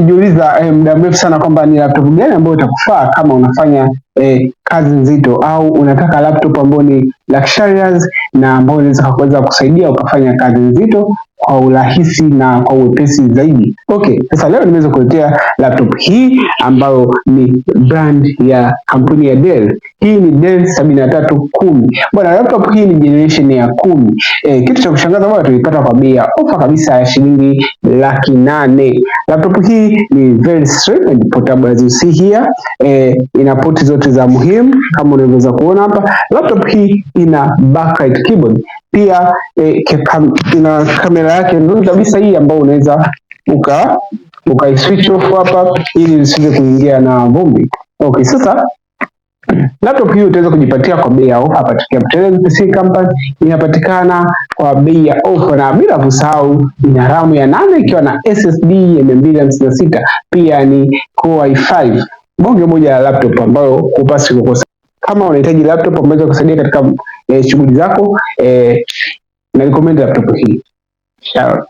Jiuliza eh, muda mrefu sana kwamba ni laptop gani ambayo itakufaa kama unafanya eh, kazi nzito au unataka laptop ambayo ni luxurious na ambayo inaweza kuweza kusaidia ukafanya kazi nzito kwa urahisi na kwa uwepesi zaidi. Okay, sasa leo nimeweza kuletea laptop hii ambayo ni brand ya kampuni ya Dell hii ni den Dell kumi. bwana, laptop hii ni generation ya kumi. E, kitu cha kushangaza bwana, tulipata kwa bei ya ofa kabisa ya shilingi laki nane. Laptop hii ni very slim and portable as you see here. E, ina poti zote za muhimu kama unavyoweza kuona hapa. Laptop hii ina backlight keyboard pia, e, eh, kekam, ina kamera yake nzuri kabisa hii ambayo unaweza uka ukai switch off hapa ili isije kuingia na vumbi. Okay, sasa Laptop hii utaweza kujipatia kwa bei ya ofa patokea Mtelezi PC Company, inapatikana kwa bei ya ofa, na bila kusahau ina RAM ya nane ikiwa na SSD ya 256 pia ni Core i5, bonge moja la laptop ambayo hupaswi kukosa. Kama unahitaji laptop ambayo kusaidia katika eh, shughuli zako eh, na recommend laptop hii. Ciao.